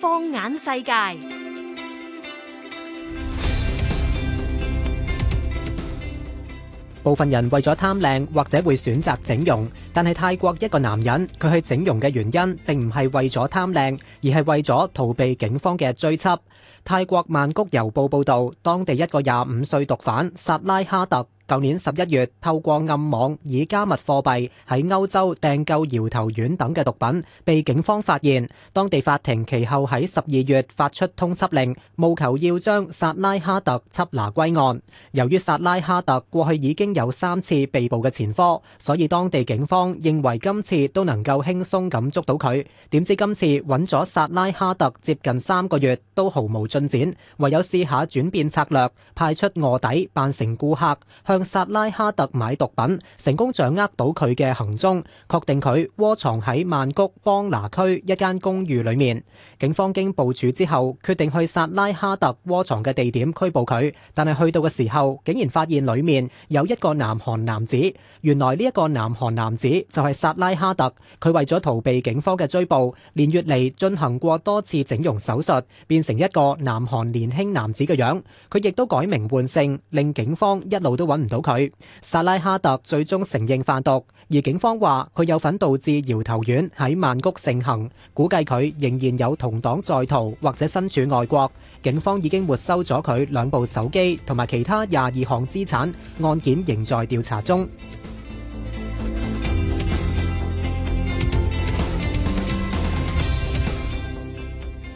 放眼世界，部分人為咗貪靚或者會選擇整容，但係泰國一個男人佢去整容嘅原因，並唔係為咗貪靚，而係為咗逃避警方嘅追緝。泰國曼谷郵報報道，當地一個廿五歲毒販薩拉哈特。舊年十一月，透過暗網以加密貨幣喺歐洲訂購搖頭丸等嘅毒品，被警方發現。當地法庭其後喺十二月發出通緝令，務求要將薩拉哈特緝拿歸案。由於薩拉哈特過去已經有三次被捕嘅前科，所以當地警方認為今次都能夠輕鬆咁捉到佢。點知今次揾咗薩拉哈特接近三個月都毫無進展，唯有試下轉變策略，派出臥底扮成顧客向。薩拉哈特買毒品，成功掌握到佢嘅行蹤，確定佢窩藏喺曼谷邦拿區一間公寓裏面。警方經部署之後，決定去薩拉哈特窩藏嘅地點拘捕佢，但係去到嘅時候，竟然發現裏面有一個南韓男子。原來呢一個南韓男子就係薩拉哈特，佢為咗逃避警方嘅追捕，連月嚟進行過多次整容手術，變成一個南韓年輕男子嘅樣子，佢亦都改名換姓，令警方一路都揾唔。到佢，薩拉哈特最終承認販毒，而警方話佢有份導致搖頭丸喺曼谷盛行，估計佢仍然有同黨在逃或者身處外國。警方已經沒收咗佢兩部手機同埋其他廿二項資產，案件仍在調查中。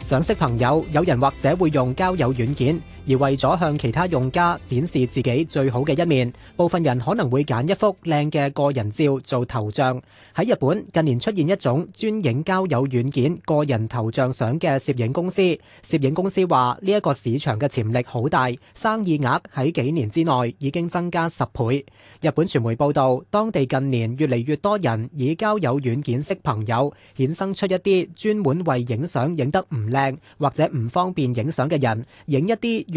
想識朋友，有人或者會用交友軟件。而為咗向其他用家展示自己最好嘅一面，部分人可能會揀一幅靚嘅個人照做頭像。喺日本近年出現一種專影交友軟件個人頭像相嘅攝影公司。攝影公司話呢一個市場嘅潛力好大，生意額喺幾年之內已經增加十倍。日本傳媒報道，當地近年越嚟越多人以交友軟件識朋友，衍生出一啲專門為影相影得唔靚或者唔方便影相嘅人影一啲。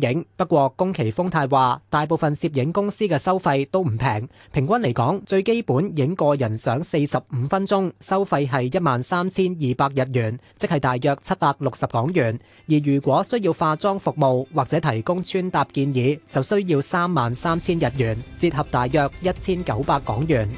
影不過，宮崎風太話，大部分攝影公司嘅收費都唔平，平均嚟講，最基本影個人相四十五分鐘，收費係一萬三千二百日元，即係大約七百六十港元。而如果需要化妝服務或者提供穿搭建議，就需要三萬三千日元，折合大約一千九百港元。